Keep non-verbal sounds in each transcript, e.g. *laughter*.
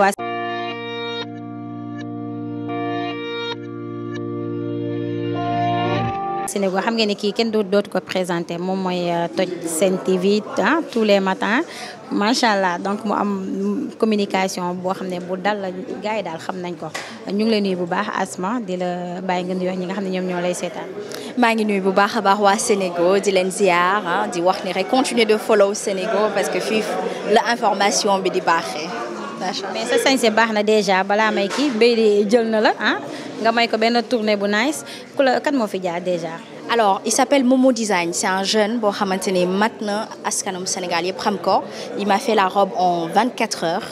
waa Sénégal xam ngeen ne kii kenn dootu ko présenté moom mooy euh, toj seen TV ah tous les matins macha allah donc mu am communication boo xam ne bu dal la gars yi daal xam nañ ko ñu ngi lay nuyu bu baax Asma di la bàyyi nga nuyoo ñi nga xam ne ñoom ñoo lay seetaan. maa ngi nuyu bu baax a baax waa Sénégal di leen ziar ah, di wax ni rek continuer de follow Sénégal parce que fii la information bi di baaxee. macha allah mais sa sañse baax na dèjà balaa may kii béy di na la ah nga may ko benn tournée bu nice ku la kat moo fi jaar dèjà. alors il s'appelle Momo Design c'est un jeune boo xamante ne mat na askanam Sénégal yëpp xam ko il m'a fait la robe en 24 heures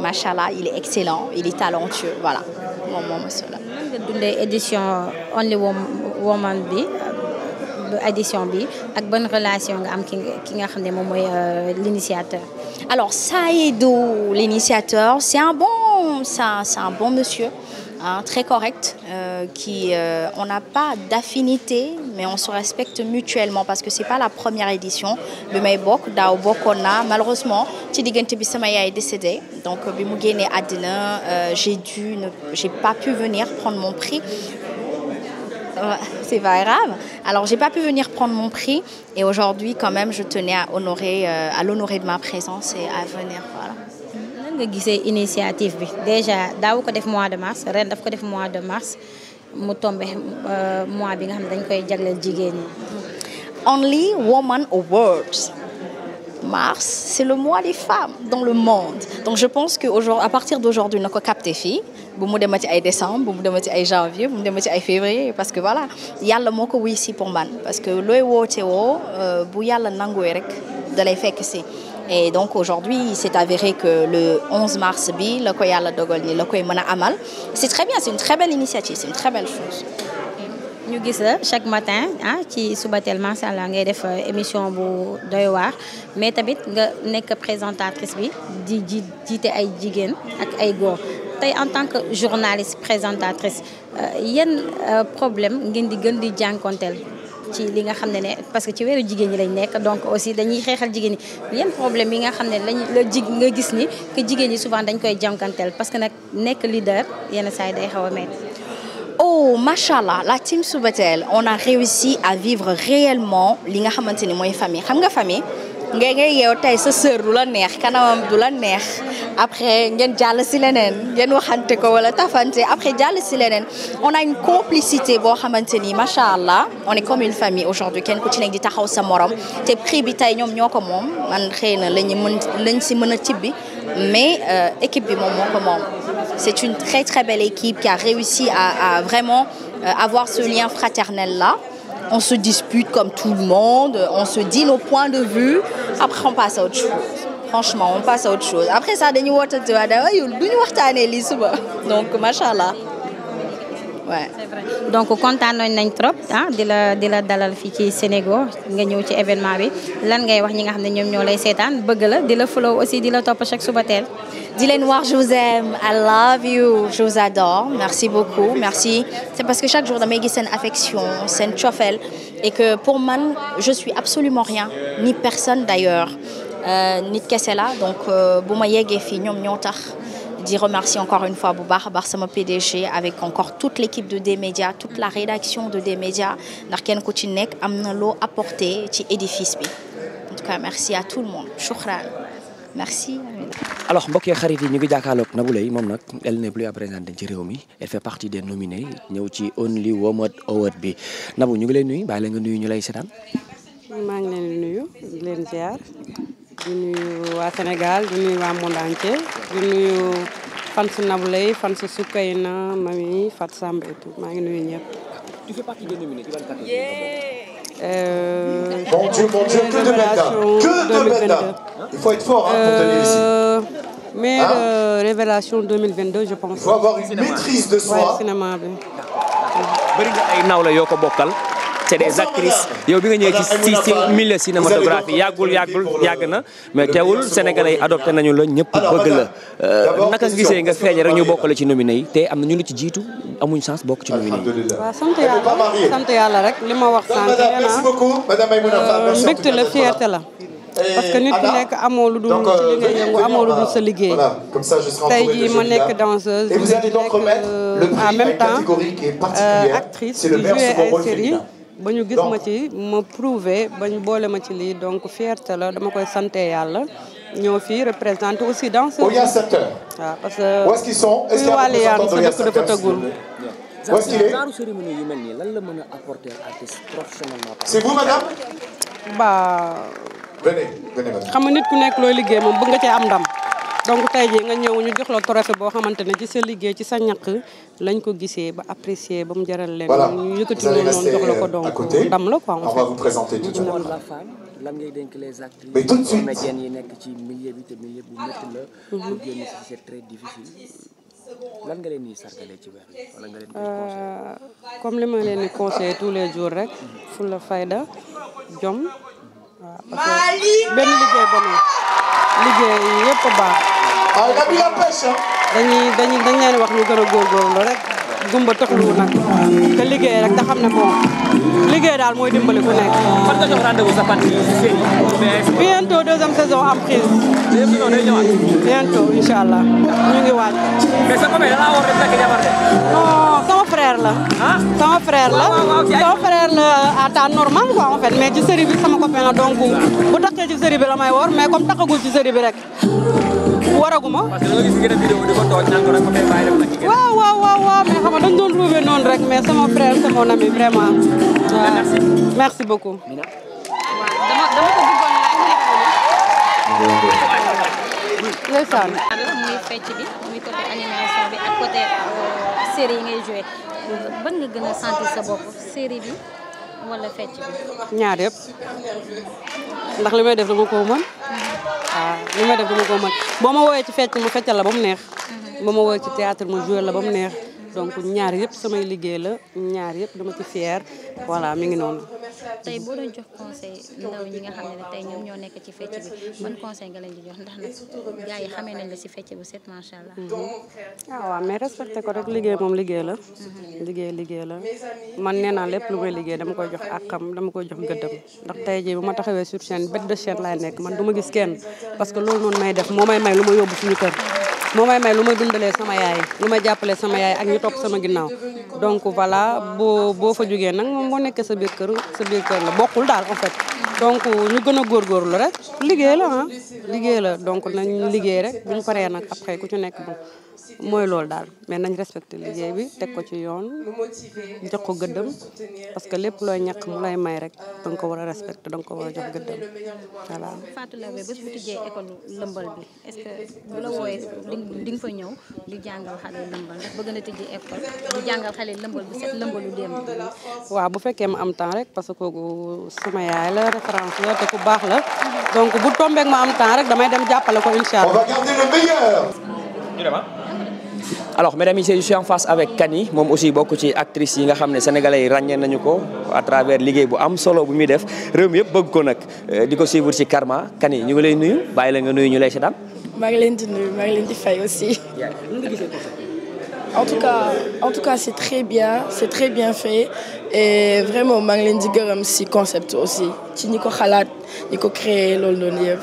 macha allah il est excellent il est talentueux voilà moom moom la. nan nga édition Only Woman bi édition bi ak bonne relation nga am ki ki nga xam ne moom mooy euh, l'initiateur alors Saïdou l'initiateur c'est un bon ça c'est un bon monsieur hein, très correct euh, qui euh, on n'a pas d'affinité mais on se respecte mutuellement parce que c'est pas la première édition bi may bokk daaw bokkoon naa malheureusement ci diggante bi sama yaay décédé donc bi mu génnee àddina euh, j'ai dû ne pas pu venir prendre mon prix c'est pas grave. Alors, j'ai pas pu venir prendre mon prix et aujourd'hui, quand même, je tenais à honorer, euh, à l'honorer de ma présence et à venir. Voilà. nan nga gisee initiative bi déjà daaw ko def mois de mars ren daf ko def mois de mars mu tombe euh, mois bi nga xam ne dañ koy jagleel jigéen ñi. Only Woman Awards. mars c'est le mois des femmes dans le monde donc je pense que aujourd'hui à partir d'aujourd'hui na ko capté fii. bu mu demee ci ay décembre bu mu demee ci ay janvier bu mu demee ay février parce que voilà yàlla moo ko wuy si man parce que looy woote woo euh, bu yàlla nanguwee rek dalay fekk si et donc aujourd'hui il avéré que le 11 mars bi la ko yàlla dogal ni la koy mën a amal c'est très bien c'est une très belle initiative c'est une très belle chose ñu gis la chaque matin ah ci suba teel macha allah ngay def euh, émission bu doy waar mais tamit nga nekk présentatrice bi di ji jiite ay jigéen ak ay góor tey en tant que journaliste présentatrice euh, yan euh, problème ngeen di gën di jànkonteel ci li nga xam ne ne parce que ci weeru jigéen ñi lañ nekk donc aussi dañuy xeexal jigéen ñi yan problème yi nga xam ne lañ jig nga gis ni que jigéen ñi souvent dañ koy jànkonteel parce que nag nekk leader yenn saa yi day xaw a metti oh machallah la team Subatel on a réussi à vivre réellement li nga xamante ni mooy famille xam nga famille ngay ngay yeew tey sa sœur du la neex kanamam du la neex après ngeen jàll si leneen ngeen waxante ko wala tafante après jàll si leneen on a une complicité boo xamante ni macha allah on est comme une famille aujourd'hui kenn ko ci nekk di taxaw sa morom te prix bi tey ñoom ñoo ko moom man xëy na la ñu mën lañ si mën a tibbi mais euh, équipe bi moom moo ko moom c'est une très très belle équipe qui a réussi à, à vraiment euh, avoir ce lien fraternel là on se dispute comme tout le monde, on se dit nos points de vue, après on passe à autre chose. Franchement, on passe à autre chose. Après ça, dañuy wootante waa daway yul du ñu waxtaanee lii suba donc macha allah. waaw c'est vrai donc kontaanoon nañ trop ah di la di la dalal fii ci Sénégal nga ñëw ci événement bi lan ngay wax ñi nga xam ne ñoom ñoo lay seetaan bëgg la di la follow aussi di la topp chaque suba teel. di leen wax je vous aime I love you je vous adore merci beaucoup merci c'est parce que chaque jour damay gis seen affection seen cofeel et que pour man je suis absolument rien ni personne d'ailleurs euh, nit kese la donc euh, bu ma yeggee fii ñoom ñoo tax. di remercier encore une fois bu baax a baax sama PDG avec encore toute l'équipe de D-Média toute la rédaction de D-Média ndax kenn ku ci nekk am na loo apporté ci édifice bi en tout cas merci à tout le monde shukran merci alors mbokk yeeg xarit yi ñu ngi jàkkaarloog Nabou Leye moom nag elle n'est plus à présenter ci réew mi elle fait partie des nominés ñëw ci Only Woman Award bi Nabou ñu ngi lay nuyu bàyyi la nga nuyu ñu lay seetaan. maa ngi leen di nuyu di leen ziar. di nuyu waa Sénégal di nuyu waa monde entier di nuyu fan su Nabou Leye fan su Soukeyna mami Fat Samb et tout maa ngi nuyu ñëpp. tu fais partie des nominés. Euh, mon Dieu, mon Dieu, que de méta, que de méta. Il faut être fort hein, pour tenir ici. Euh, mais hein? de euh, révélation 2022 je pense. il faut avoir une maîtrise de soi. waaw cinéma bi. bëri nga ay naaw la yoo ko bokkal. c'est des actrices yow bi nga ñëwee ci ci milieu cinématographie yàggul yàggul yàgg na mais teewul sénégalais yi adopté nañu la ñëpp bëgg la euh, naka gisee nga feeñ rek ñu bokk bokkale ci nominé yi te am na ñu lu ci jiitu amuñ chance bokk ci nominé yi. waaw sant yàlla rek li ma wax sant nee euh, la fierté la. parce que nit ki nekk amoo lu dul ci euh, sa liggéey tey jii ma nekk danseuse ma même temps actrice di jouer ay série ba ñu gis ma ci ma prouvé ba ñu boole ma ci lii donc fierté la dama koy sant yàlla ñëw fii représenté aussi dans ce. waaw parce que. où est-ce a représentant de Yacine dafa tëggul. où est-ce mel nii lan la mën a apporter artiste professionnellement. c'est vous madame. ba. xam nit ku nekk looy liggéey moom bëgg nga cee am ndam. donc tey jii nga ñëw ñu jox la trophée boo xamante ne ci sa liggéey ci sa ñaq lañ ko gisee ba apprécier ba mu jaral leen. voilà ñu yëkkati noonu noonu jox la ko donc ndam la quoi. on va vous yi nekk ci milieu bi te milieu bu métti la. Mhm. nga leen di sargalee ci weer bi wala nga leen euh, comme li ma leen di conseillé tous les jours rek. fulla fayda jom. waaw benn liggéey ba nekk liggéey yëpp baax. la pêche. dañuy dañuy dañ leen wax ñu gën a góorgóorlu rek. gumba taxlu nag. te liggéey rek da xam ne moom liggéey daal mooy dimbali ku nekk. fan nga jox rendez-vous sa parti bientôt deuxième saison am prise. deuxième saison day ñëwaat. bientôt incha allah ñu ngi a def jabar de. frère la. Ah? sama frère la sama frère la à normal quoi en fait mais ci série bi sama copain la donc bu taxee ci série la may woor mais comme taxagul ci série bi rek waraguma. parce que waaw waaw waaw mais xam dañ doon trouvé noonu rek mais sama frère c'est mon ami vraiment. merci merci beaucoup. ba nga gën a sentir sa série bi walla fecc bi. ñaar yëpp ndax li may def dama ko mën. waaw li may def dama ko mën boo ma woowee ci fecc mu feccal la ba mu neex. boo ma woowee ci théâtre mu joué la ba mu neex donc ñaar yëpp samay liggéey la ñaar yëpp dama ci fier voilà mi ngi noonu. tey boo doon jox conseil ndaw ñi nga xam ne tey ñoom ñoo nekk ci fecc bi ban conseil nga leen di jox ndax nag gars yi xamee nañ la si fecc bu set macha allah. waaw mhm. ah, waaw mais respecté ko rek liggéey moom liggéey la. liggéey liggéey la man nee naa lépp lu may liggéey dama koy jox àqam dama koy jox gëddam ndax tey jii bu ma taxawee sur chaîne bête de chaîne laay nekk man du ma gis kenn parce que loolu noonu may def moo may may lu ma yóbbu suñu kër. moo may may lu ma dundalee sama yaay lu ma jàppalee sama yaay ak ñu topp sama ginnaaw donc voilà boo boo fa jógee nag moom boo nekkee sa biir kër sa biir kër la bokkul daal en fait donc ñu gën a góorgóorlu rek liggéey la ah, liggéey la donc nañ liggéey rek buñ paree nag après ku ci nekk bon mooy loolu daal mais nañ respecté liggéey bi teg ko ci yoon jox ko gëddam parce que lépp looy ñàkk mu lay may rek danga ko war a respecté danga ko war a jox gëddam voilà. Fatou Laobé bés bu tijjee école lëmbal di nga fa ñëw di jàngal xale lëmbal ndax bëgg na tijji école di jàngal waaw bu fekkee ma am temps rek parce que kooku sama yaay la référence la te ku baax la donc bu tombeek ma am temps rek damay dem jàppale ko incha allah. alors mesdames et messieurs je suis en face avec Kany moom aussi bokk ci actrice yi nga xam ne sénégalais yi nañu ko à travers liggéey bu am solo bu muy def réew mi yëpp bëgg ko nag euh, di ko suivre ci Karma Kany ñu ngi lay nuyu bàyyi la nga nuyu ñu lay seetaan. maa ngi leen di nuyu maa ngi leen di fay aussi. en tout cas en tout cas c'est très bien c'est très bien fait et vraiment maa ngi leen di gërëm ci concept aussi ci ñi ko xalaat ñi ko créer loolu noonu yëpp.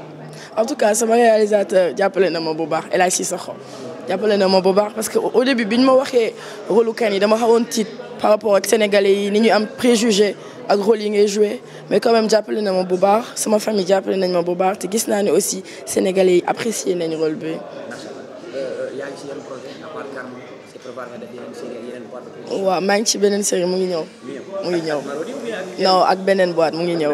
en tout cas sama réalisateur jàppale na ma bu baax El Hadj Cissokho jàppale na ma bubaax parce que au début bi ñu ma waxee rôle kan yi dama xawoon tiit par rapport ak sénégalais yi ni ñu am préjugé ak rôle yi ngay joué mais quand même jàppale na ma bu baax sama famille jàppale nañ ma bu baax gis naa ne aussi sénégalais yi apprécié nañ rôle bi. Euh, waaw maa ngi ci beneen série mu ngi ñëw. mu ngi ñëw non ak beneen boit mu ngi ñëw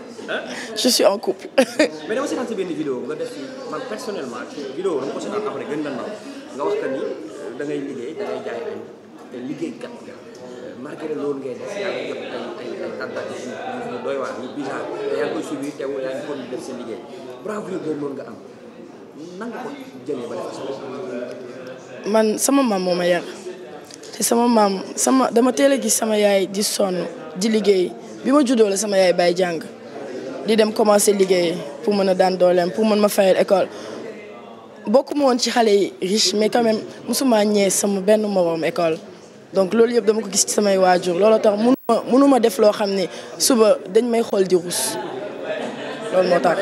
je suis en couple. *laughs* mais dama seetaan def man personnellement ci vidéo dama ko sama ma yar sama maam sama dama teel a gis sama yaay di sonn di liggéey bi ma juddoo la sama yaay bàyyi jàng. di dem commencé liggéey pour mën a daan dooleem pour mën ma fayal école bokkuma woon ci xale yi riche mais quand même mosuma ñee sama benn moroom école donc loolu yëpp dama ko gis ci samay waajur looloo tax munuma munuma def loo xam ne suba dañ may xool di loolu moo tax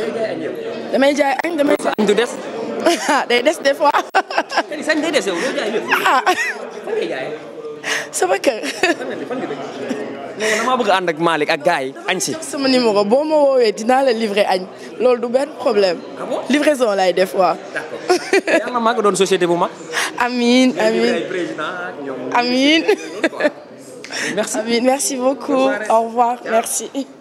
damay jaay añ damay añ du *laughs* ah, day des des fois sañ day des yow ah. sama kër mais damaa bëgg ànd ak Malick ak gars yi añ si. sama numéro boo ma woowee dinaa la livrer añ loolu du benn problème. Ah livraison laay def waaw. d'accord maa ngi doon société bu mag. amiin amiin amiin. merci *laughs* amiin merci beaucoup au revoir merci.